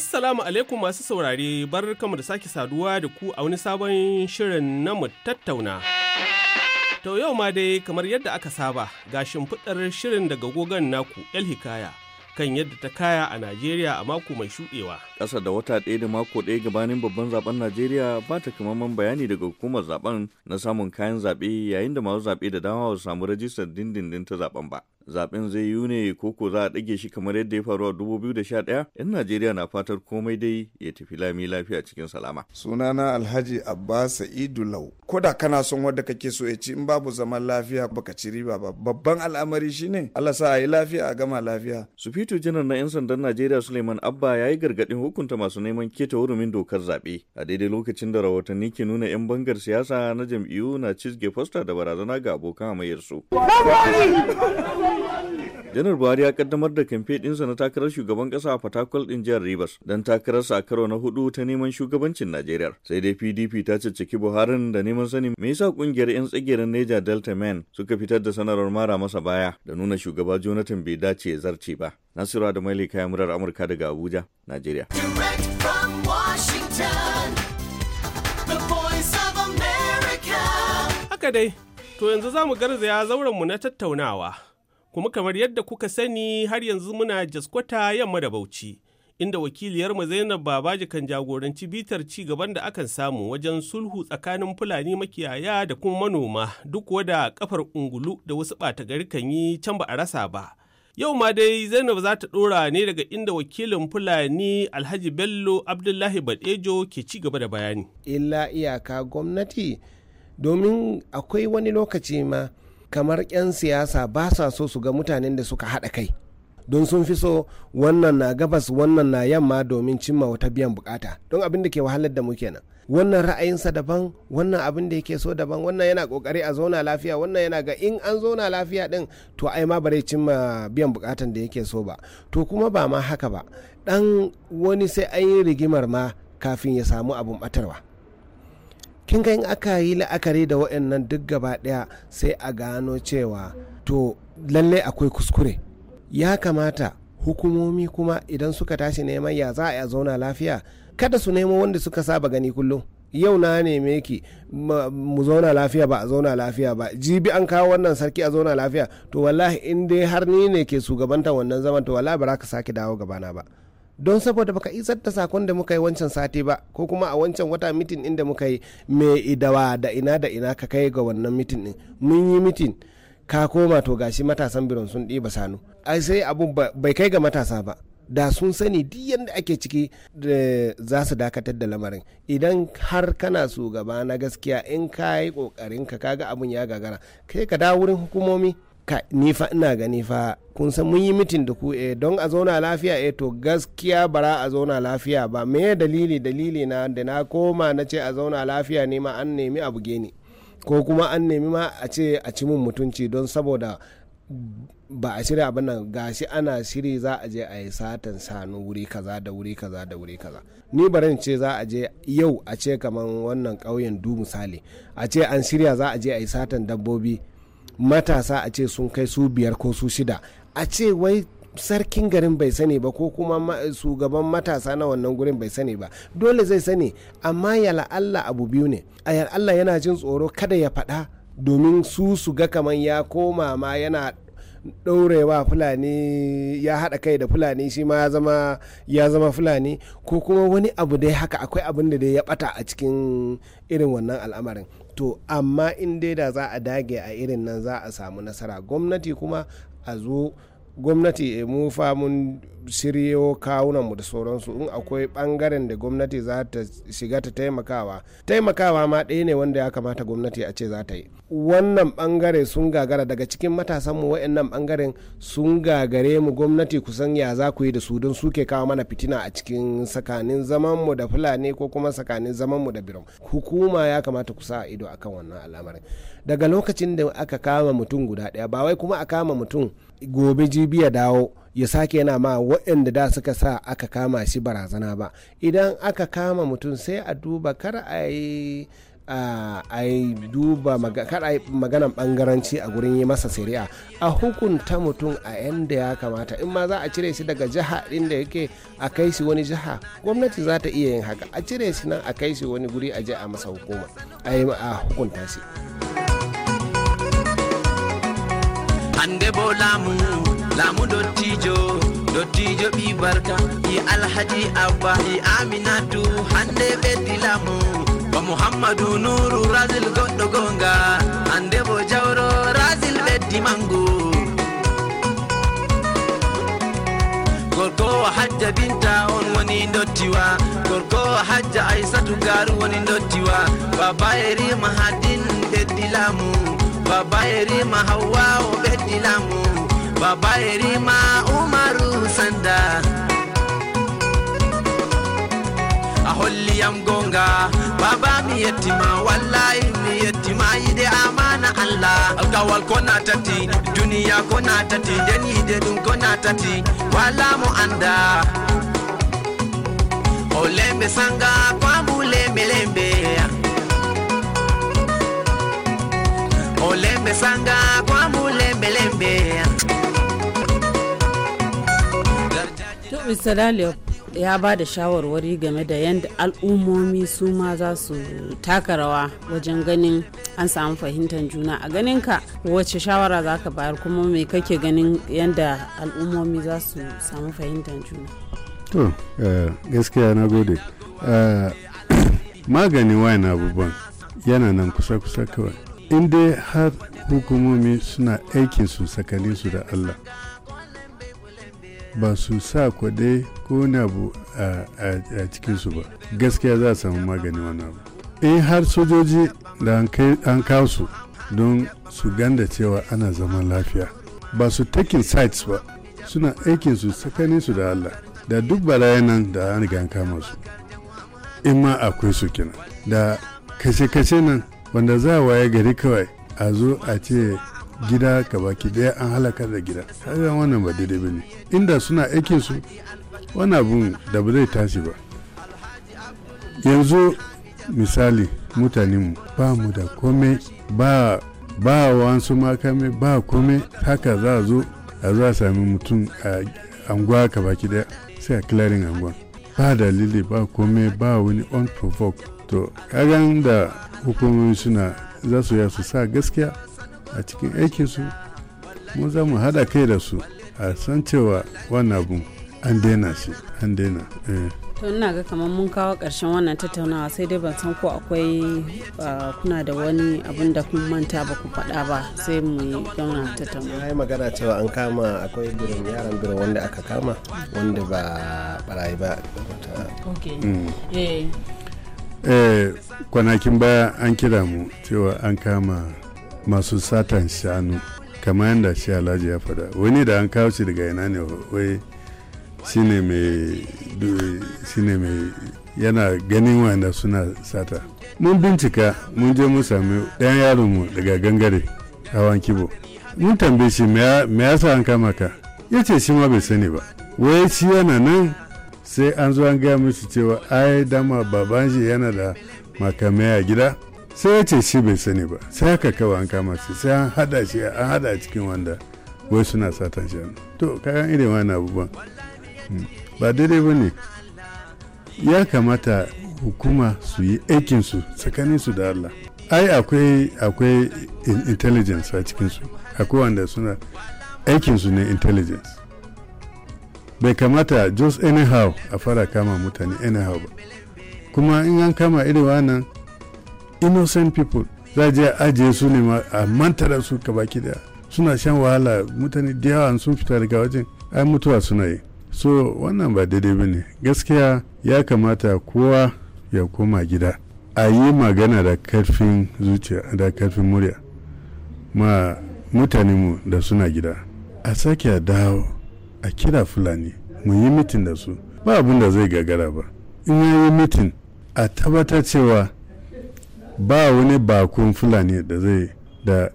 Assalamu alaikum masu saurare bar kamu da sake saduwa da ku a wani sabon shirin na tattauna. To yau ma dai kamar yadda aka saba ga shimfiɗar shirin daga gogon naku El Hikaya kan yadda ta kaya a Najeriya a mako mai shuɗewa. Ƙasa da wata ɗaya da mako ɗaya gabanin babban zaben Najeriya ba ta kamar bayani daga hukumar zaben na samun kayan zaɓe yayin da masu zaɓe da dama ba su samu rajistar dindindin ta zaben ba. zaben zai yiwu ne ko ko za a ɗage shi kamar yadda ya faru a 2011 'yan najeriya na fatar komai dai ya tafi lami lafiya cikin salama sunana alhaji abba sa'idu lau ko da kana son wadda kake so ya ci in babu zaman lafiya baka ci riba ba babban al'amari shine allah sa a yi lafiya a gama lafiya fito janar na 'yan sandan najeriya suleiman abba ya yi gargaɗin hukunta masu neman keta hurumin dokar zaɓe a daidai lokacin da rahotanni ke nuna 'yan bangar siyasa na jam'iyyu na cizge fosta da barazana ga abokan amayyarsu. janar buhari ya kaddamar da kamfe ɗinsa na takarar shugaban ƙasa a fatakwal ɗin jihar rivers don takarar a karo na hudu ta neman shugabancin najeriya sai dai pdp ta cicciki buharin da neman sanin me yasa kungiyar 'yan tsageren neja delta men suka fitar da sanarwar mara masa baya da nuna shugaba jonathan bai dace zarce ba nasiru da maili kayan murar amurka daga abuja najeriya haka dai to yanzu za mu garzaya zauren mu na tattaunawa kuma kamar yadda kuka sani har yanzu muna jaskwata yamma da bauchi inda wakiliyarmu zainab babaji kan jagoranci bitar ci gaban da akan samu wajen sulhu tsakanin fulani makiyaya da kuma manoma duk wada kafar ungulu da wasu bata gari kan yi can ba a rasa ba yau ma dai zainab za ta ɗora ne daga inda wakilin fulani alhaji bello abdullahi badejo ke ci gaba da bayani illa iyaka gwamnati domin akwai wani lokaci ma kamar 'yan siyasa ba sa so su ga mutanen da suka haɗa kai don sun fi so wannan na gabas wannan na yamma domin cimma wata biyan bukata don abin da ke wahalar da mu kenan wannan ra'ayinsa daban wannan abin da yake so daban wannan yana kokari a zauna lafiya wannan yana ga in an zauna lafiya din to ai ma bare cimma biyan bukatan da yake so ba to kuma ba ma haka ba dan wani sai an yi rigimar ma kafin ya samu abun batarwa kin ga in aka yi la'akari da waɗannan duk gaba ɗaya sai a gano cewa to lalle akwai kuskure ya kamata hukumomi kuma idan suka tashi neman ya za a zauna lafiya kada su nemo wanda suka saba gani kullum yau na neme ki mu zauna lafiya ba a zauna lafiya ba jibi an kawo wannan sarki a zauna lafiya to wallahi in dai har ni ne ke shugabanta wannan zaman to wallahi ba za ka sake dawo gabana ba don saboda baka isar da sakon da muka yi wancan sati ba ko kuma a wancan wata mitin inda da muka yi mai idawa da ina da ina ka kai ga wannan mitin din mun yi mitin ka koma to gashi matasan biron sun ɗiba sanu ai sai abun bai kai ga matasa ba da sun sani duk yadda ake ciki da eh, za su dakatar da lamarin idan har kana su gaba na gaskiya in ka yi kokarin ka kaga abun ya gagara kai ka dawo wurin hukumomi ni fa ina gani fa kun san mun yi mitin da ku eh don a zauna lafiya eh to gaskiya bara a zauna lafiya ba me dalili dalili na da na koma na ce a zauna lafiya ne ma an nemi a buge ko kuma an nemi ma a ce a ci mun mutunci don saboda ba a shirya abin nan gashi ana shiri za a je a yi satan sanu wuri kaza da wuri kaza da wuri kaza ni barin ce za a je yau a ce kaman wannan ƙauyen du misali a ce an shirya za a je a yi satan dabbobi matasa a ce sun kai su biyar ko su shida a ce wai sarkin garin bai sani ba ko kuma shugaban matasa na wannan gurin bai sani ba dole zai sani amma yala Allah abu biyu ne a Allah yana jin tsoro kada ya faɗa domin su su ga kamar ya koma ma yana ɗaurewa fulani ya haɗa kai da fulani shi ma ya zama ya zama fulani ko kuma wani abu dai haka akwai abin da dai ya ɓata a cikin irin wannan al'amarin to amma in dai da za a dage a irin nan za a samu nasara gwamnati kuma a zo gwamnati eh, mu fa mun shiryo kawunanmu da sauransu in akwai bangaren da gwamnati za ta shiga ta taimakawa taimakawa ma ɗaya ne wanda ya kamata gwamnati a ce za ta yi wannan bangare sun gagara daga cikin matasanmu wa'annan bangaren sun gagare mu gwamnati kusan ya za ku yi da su don suke kawo mana fitina a cikin tsakanin zamanmu da fulani ko kuma tsakanin zamanmu da birom hukuma ya kamata ku sa ido akan wannan al'amarin daga lokacin da aka kama mutum guda ɗaya ba wai kuma a kama mutum gobe jibi ya dawo ya sake yana ma waɗanda da suka sa aka kama shi barazana ba idan aka kama mutum sai a duba kar a yi a yi duba maganan bangaranci a gurin yi masa shari'a a hukunta mutum a yanda ya kamata in ma za a cire shi daga jiha inda yake a kai shi wani jiha gwamnati za ta iya yin haka a cire shi nan a kai shi wani guri a je a masa hukuma hukunta shi. hande bo laamu laamu dottijo dottijo ɓi barka i alhaji abba i aminatu hande ɓeddi laamu ba muhammadu nuru rasil goɗɗo gonga hande bo jawro rasil ɓeddi mangu gorkowa hajja binta on woni dottiwa gorkowa hajja aissatu garu woni dottiwa baba erima hadin ɓeddi laamu baba erima hawa o ɓeddinamo baba erima umaru sanda a holliyam gonga baba mi yettima wallayi mi yettima yide amana allah alkawal ko natati duniya ko natati nden yide ɗum ko natati wala mo anda o lembe sanga ko mulembe sanga kwa mulembe to ya ba da shawarwari game da yadda al'ummomi su ma za su taka rawa wajen ganin an samu fahimtar juna a ganin ka wacce shawara za ka bayar kuma mai kake ganin yadda al'ummomi za su samu fahimtar juna to eh, gaskiya na gode eh, magani wayan abubuwan yana nan kusa-kusa kawai in dai har hukumomi suna aikin su sakali su da allah ba su sa kwadai ko wani abu a cikinsu ba gaskiya za a samu magani wani abu in har sojoji da an kawo su don su ganda cewa ana zaman lafiya ba su takin sites ba suna aikin su tsakanin su da allah da duk balayen nan da an riga an kama su in ma akwai su kenan da kashe-kashe nan wanda za waye gari kawai a zo a ce gida ka baki daya an halakar da gida hajjan wannan ba daidai bane inda suna aikin su wani abun da ba zai tashi ba yanzu misali mutanenmu ba mu da kome ba ba wasu makame ba kome haka za a zo a zo a sami mutum a anguwa ka baki daya sai a clearing anguwa ba dalili ba kome ba wani unprovoked to kagan da hukumomi suna za su ya su sa gaskiya a cikin aikinsu mu za mu haɗa kai da su a san cewa wannan abu an daina shi an daina eh. to ina ga kamar mun kawo ƙarshen wannan tattaunawa sai dai ban san ko akwai kuna da wani abin da kun manta ba ku faɗa ba sai mu yi gauna tattaunawa ai magana cewa an kama akwai birin yaran birin wanda aka kama wanda ba barayi ba ok mm. eh Eh, kwanakin baya an kira mu cewa an kama masu satan shanu kamar yadda shi alhaji ya faɗa wani da an kawo shi daga yana ne wai shine mai mai yana ganin wanda suna sata mun bincika mun je mun sami ɗayan yaronmu daga gangare hawan kibo mun tambaye shi me yasa an kama ka ya ce shi ma bai sani ba wai shi yana nan sai an zo an gaya musu cewa ai dama baban shi yana da makamai a gida sai ya ce shi bai sani ba sai aka kawo an kama shi sai an hada shi an hada cikin wanda wai suna satan shi to kayan irin na abubuwan hmm. ba daidai ba ne ya kamata hukuma su yi aikinsu tsakaninsu da allah ai akwai akwai intelligence a cikinsu akwai wanda suna aikinsu ne intelligence bai kamata just anyhow a fara kama mutane anyhow ba kuma in an kama irin wannan innocent people za je ajiye su ne a manta su ka baki daya suna shan wahala mutane da yawa sun fita daga wajen ai mutuwa suna yi so wannan ba daidai ba ne gaskiya ya kamata kowa ya koma gida a yi magana da karfin zuciya da karfin murya ma mutanenmu da suna gida a sake dawo a kira fulani mu yi mitin da su ba abin da zai gagara ba in ya yi mitin a tabbatar cewa ba wani bakon fulani da zai da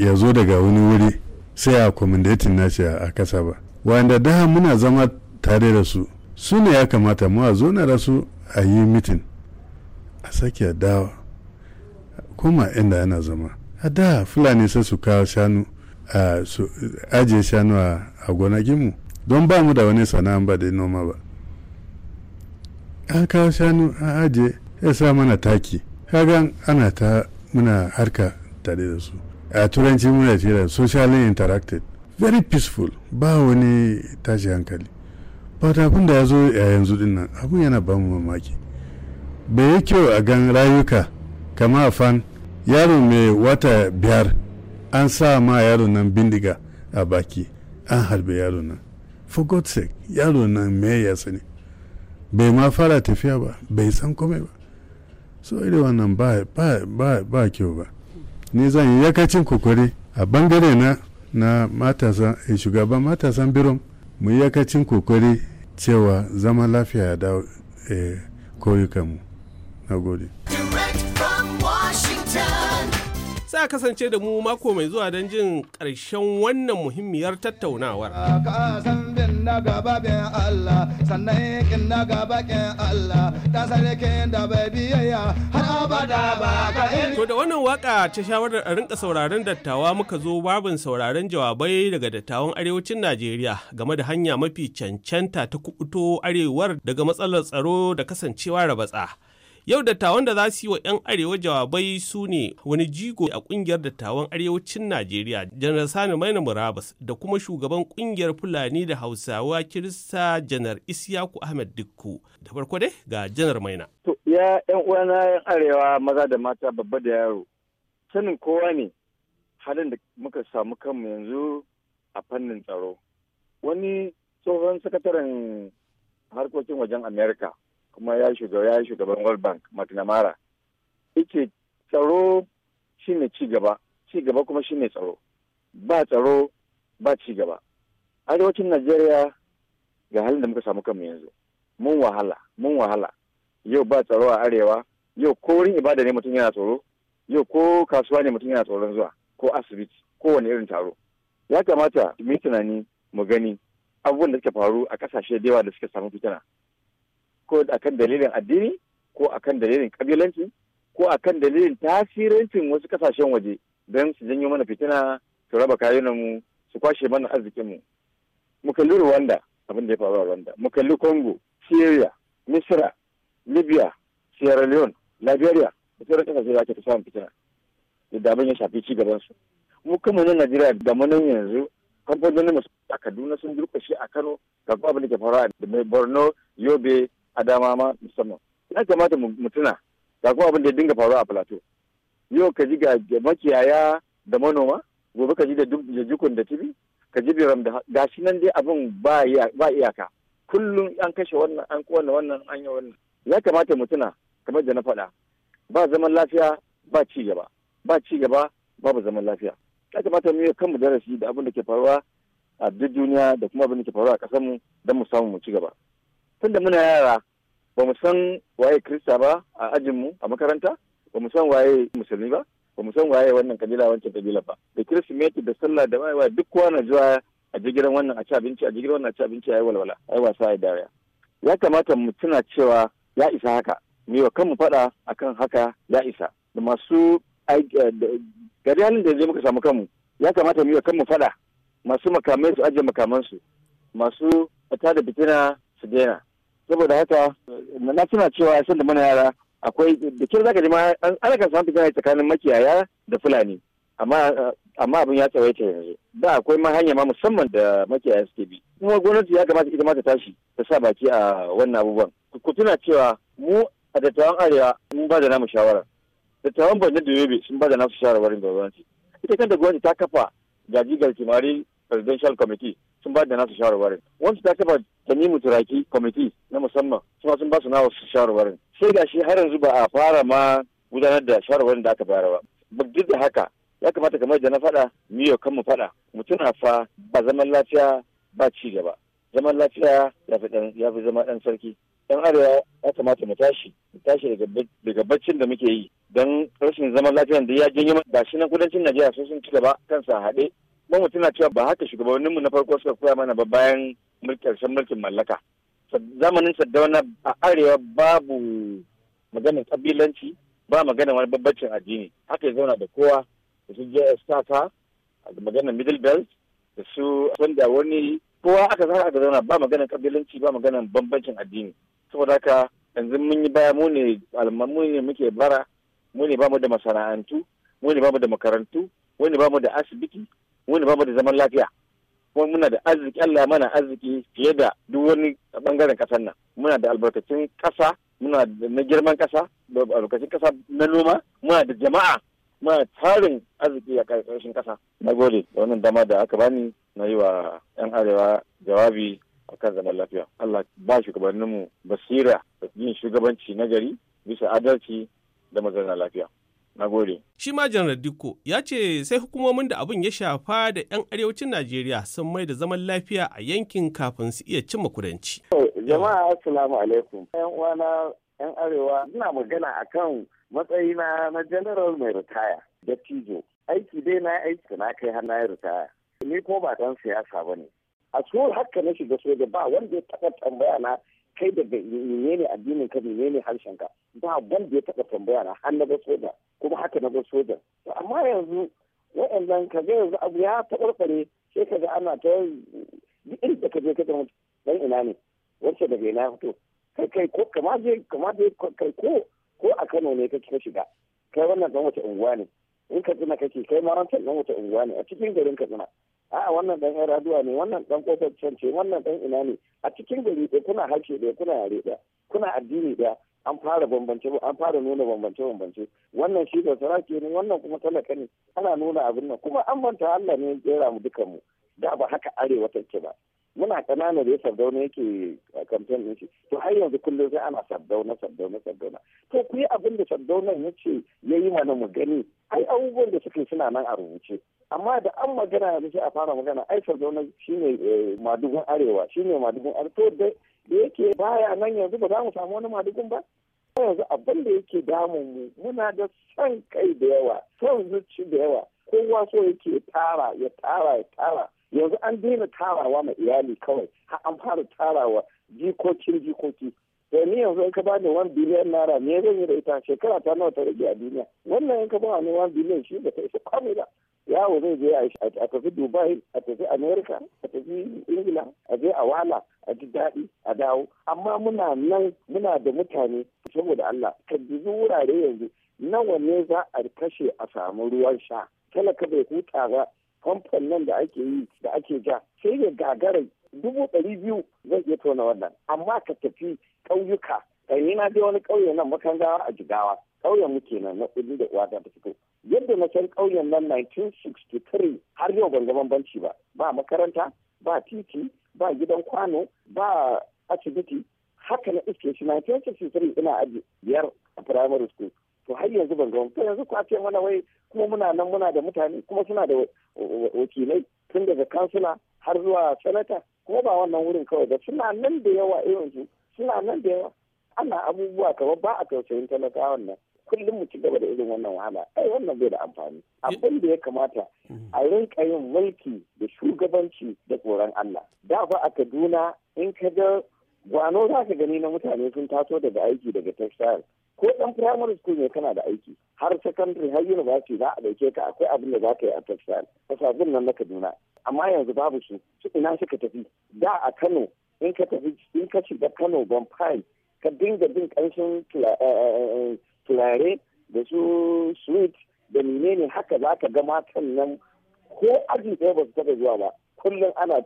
ya zo daga wani wuri sai a kwamandatin nashi a kasa ba wanda da muna zama tare da su su ne ya kamata mu a zo na rasu a yi mitin a sake dawa kuma inda yana zama a da fulani sai su kawo shanu a ajiye shanu a gonakinmu don ba mu da wani sana'an ba da noma ba an kawo shanu a ajiye ya sa mana taki kaga ana ta muna harka tare da su a turanci muna da socially interacted very peaceful ba wani tashi hankali ta abin da ya zo a yanzu din nan abin yana ba mu mamaki bai yi kyau a gan rayuka kama a fan yaro mai wata biyar an sa ma yaronan nan bindiga a baki an harbe yaron nan for god's sake yaron nan me ya sani bai ma fara tafiya ba bai san komai ba so irin wannan ba ba ba kyau ba ni zan yi yakacin kokari a bangare na na matasan eh, shugaban matasan birom mu yi yakacin kokari cewa zama lafiya ya dawo eh, kauyukanmu na gode sa kasance da mu mako mai zuwa don jin ƙarshen wannan muhimmiyar tattaunawar. To da wannan waka ta shawarar a rinka sauraron dattawa muka zo babin sauraron jawabai daga dattawan arewacin Najeriya game da hanya mafi cancanta ta kubuto arewar daga matsalar tsaro da kasancewa rabatsa. Yau dattawan da za su yi wa 'yan arewa jawabai su ne wani jigo a kungiyar dattawan arewacin Najeriya, Janar Sani Maina Murabas da kuma shugaban kungiyar Fulani da Hausawa Kirista Janar isyaku Ahmed Dikku. Da farko dai ga Janar Maina. To, ya 'yan uwana 'yan arewa maza da mata babba da yaro. Sanin kowa ne halin da muka samu kanmu yanzu a fannin tsaro. Wani tsohon sakataren harkokin wajen Amerika. kuma ya shiga shugaban World Bank McNamara yake tsaro shine ci gaba ci gaba kuma shine tsaro ba tsaro ba ci gaba arewacin Najeriya ga halin da muka samu kanmu yanzu mun wahala mun wahala yau ba tsaro a arewa yau ko wurin ibada ne mutum yana tsoro yau ko kasuwa ne mutum yana tsoron zuwa ko asibiti ko wani irin taro ya kamata mu yi tunani mu gani abubuwan da suka faru a kasashe da yawa da suka samu fitina ko akan dalilin addini ko akan dalilin kabilanci ko akan dalilin tasirancin wasu kasashen waje don su janyo mana fitina su raba kayanmu su kwashe mana arzikinmu mu kalli rwanda abin da ya faru a rwanda mu kalli congo syria misra libya sierra leone liberia da sauran kasashe da ake ta samun fitina da abin ya shafi ci gaban su mu kuma na najeriya da munan yanzu kamfanonin masu a kaduna sun durkushe a kano ga abin da ke faruwa da mai borno yobe a dama ma musamman ya kamata mu tuna ga kuma abin da ya dinga faruwa a plateau yau ka ji ga makiyaya da manoma gobe ka ji da jikun da tibi ka ji biram da gashi nan dai abin ba iyaka kullum an kashe wannan an kowanne wannan an yi wannan ya kamata mu tuna kamar da na faɗa ba zaman lafiya ba ci gaba ba ci gaba babu zaman lafiya ya kamata mu yi kanmu darasi da abin da ke faruwa a duk duniya da kuma abin da ke faruwa a ƙasarmu don mu samu mu ci gaba tunda muna yara ba mu san waye krista ba a ajinmu a makaranta ba mu san waye musulmi ba ba mu san waye wannan kabila wancan kabila ba da kirsimeti da sallah da wayewa duk kowa na zuwa a jigiran wannan a ci abinci a jigiran wannan a ci abinci a yi walwala a yi wasa a dariya ya kamata mu tuna cewa ya isa haka mu wa kanmu faɗa akan haka ya isa da masu eh, gari halin da zai muka samu kanmu ya kamata mu wa kanmu faɗa masu makamai su ajiye makamansu masu ta da fitina su daina saboda haka na tuna cewa da mana yara akwai da kira zaka ji ma aka kan samu fitina tsakanin makiyaya da fulani amma amma abin ya tsawaita yanzu da akwai ma hanya ma musamman da makiyaya suke bi kuma gwamnati ya kamata ita ma ta tashi ta sa baki a wannan abubuwan ku tuna cewa mu a dattawan arewa mun ba da namu shawara dattawan borno da yobe sun ba da nasu shawarwarin gwamnati ita kanta gwamnati ta kafa gaji gajigar kimari presidential committee sun ba da nasu shawarwarin wasu ta kafa mu turaki kwamiti na musamman suma sun ba su nawa su shawarwarin sai ga shi har yanzu ba a fara ma gudanar da shawarwarin da aka bayar ba duk da haka ya kamata kamar da na faɗa miyo kan mu faɗa mu tuna fa ba zaman lafiya ba ci gaba zaman lafiya ya fi zama ɗan sarki dan arewa ya kamata mu tashi mu tashi daga baccin da muke yi don rashin zaman lafiyan da ya ba shi nan kudancin najeriya sun ci gaba kansa haɗe mun mutum na cewa ba haka shugabanninmu na farko suka koya mana ba bayan karshen mulkin mallaka zamanin saddauna a arewa babu maganin kabilanci ba magana wani babbacin addini haka ya zauna da kowa da su js kaka da maganin middle belt da su wanda wani kowa aka zara aka zauna ba maganin kabilanci ba maganin bambancin addini saboda haka yanzu mun yi baya mu ne mu ne muke bara mu ne ba mu da masana'antu mu ne ba mu da makarantu mu ne ba mu da asibiti wani babu da zaman lafiya kuma muna da arziki Allah mana arziki fiye da duk wani bangaren kasar nan muna da albarkacin kasa muna da na girman kasa da albarkacin kasa na noma muna da jama'a muna tarin arziki a ƙarƙashin kasa na gode da wannan dama da aka bani na yi wa 'yan arewa jawabi akan zaman lafiya Allah ba shugabanninmu basira da yin shugabanci na gari bisa adalci da mazauna lafiya Na gode. Shi ma Janar Dikko ya ce sai hukumomin da abin ya shafa da 'yan arewacin Najeriya sun mai da zaman lafiya a yankin kafin su iya cimma kudanci. Jama'a Assalamu alaikum. 'Yan uwana 'yan arewa ina magana akan matsayina na general mai ritaya da tijo. Aiki dai na aiki na kai har na ritaya. Ni ko ba dan siyasa ba ne. A so haka na shiga soja ba wanda ya taɓa tambaya na kai daga menene addinin ka menene harshen ka ba wanda ya taba tambaya na har na ga soja kuma haka na ga soja to amma yanzu wa'annan ka ga yanzu abu ya taɓarɓare sai ka ga ana ta irin da ka je ka ga dan ina ne wacce daga ina fito kai kai ko kama je kama je kai ko ko a Kano ne ka shiga kai wannan dan wace unguwa ne in ka tsina kake kai ma ta dan wace unguwa ne a cikin garin ka tuna. a'a wannan dan yan raduwa ne wannan dan kofar ce wannan dan ina ne a cikin gari ɗaya kuna harshe ɗaya kuna yare ɗaya kuna addini ɗaya an fara bambance an fara nuna bambance bambance wannan shi da sarki ne wannan kuma talaka ne ana nuna abin nan kuma an manta Allah ne ya mu dukan mu da ba haka arewa take ba muna kanana da ya sardauna yake kamfen din shi to har yanzu kullum sai ana sardauna sardauna sardauna to ku yi abin da sardauna ya ce ya yi mana mu gani ai abubuwan da suke suna nan a rubuce amma da an magana yanzu sai a fara magana ai sardauna shine eh, madugun arewa shine madugun arewa da yake baya nan yanzu ba za mu samu wani madugun ba yanzu abin da yake damun mu muna da son kai da yawa son zuci da yawa kowa so yake tara ya tara ya tara yanzu an daina tarawa ma iyali kawai har an fara tarawa jikokin jikoki da ni yanzu in ka ba ni wani biliyan naira me zan yi da ita shekara ta nawa ta rage a duniya wannan in ka ba ni wani biliyan shi ba ta isa komai ba yawo zai je a tafi dubai a tafi america a tafi ingila a je a wala a ji daɗi a dawo amma muna nan muna da mutane saboda allah ka dubi wurare yanzu nawa ne za a kashe a samu ruwan sha talaka bai huta ba famfon nan da ake yi da ake ja sai ya gagara dubu ɗari biyu zai iya tona wannan amma ka tafi ƙauyuka ɗanyi na je wani ƙauye nan makangawa a jigawa ƙauyen muke kenan na ɗin da uwa ta fito yadda na san ƙauyen nan 1963 har yau ban ga bambanci ba ba makaranta ba titi ba gidan kwano ba asibiti haka na iske shi 1963 ina aji biyar a primary school to har yanzu ban ga to yanzu ku ce mana wai kuma muna nan muna da mutane kuma suna da wakilai tun daga kansula har zuwa sanata kuma ba wannan wurin kawai ba suna nan da yawa irin suna nan da yawa ana abubuwa kamar ba a tausayin talakawan nan kullum mu ci gaba da irin wannan wahala ai wannan bai da amfani abin da ya kamata mm. a rinka yin mulki da shugabanci da tsoron Allah da ba a Kaduna in ka ga gwano za ka gani na mutane sun taso daga aiki daga textile ko dan primary school ne kana da aiki har secondary har university za a dauke ka akwai abin da za ka yi a textile kasafin nan na Kaduna amma yanzu babu su su ina suka tafi da a Kano in ka tafi in ka shiga Kano Bonfire ka dinga bin kanshin turare da su sweet da menene haka za ka ga matan nan ko aji ɗaya ba su taɓa zuwa ba kullum ana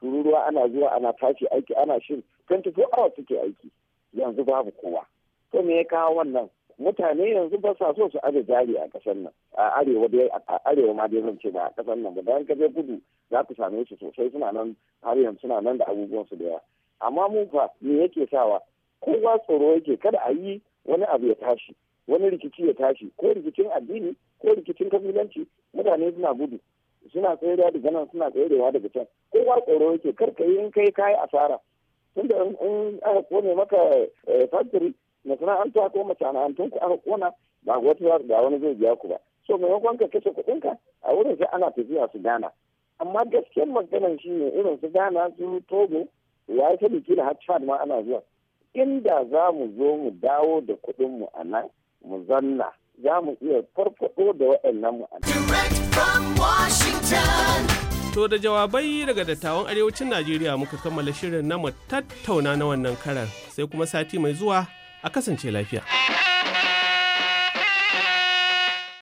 tururuwa ana zuwa ana tashi aiki ana shin 24 hours suke aiki yanzu babu kowa to me ya kawo wannan mutane yanzu ba sa so su aje jari a kasar nan a arewa dai a arewa ma dai zan ba a kasar nan ba dan je gudu za ku same su sosai suna nan har yanzu suna nan da abubuwan su da yawa amma mu fa me yake sawa kowa tsoro yake kada a yi wani abu ya tashi wani rikici ya tashi ko rikicin addini ko rikicin kabilanci mutane suna gudu suna da daga nan suna da daga can kowa tsoro yake kar ka yi in kai kayi asara tunda in aka kone maka eh, factory masana'anta ko masana'antun ku aka kona ba wata ba wani zai biya ku ba so maimakon ka kace kuɗin ka a wurin sai ana tafiya su gana amma gaskiyar maganar shi ne irin su gana su togo ya yi ta biki da har ma ana zuwa inda za mu zo mu dawo da kuɗinmu a nan mu zanna za mu iya farfaɗo da waɗannan mu To da jawabai daga dattawan arewacin Najeriya muka kammala shirin na mu tattauna na wannan karar sai kuma sati mai zuwa a kasance lafiya.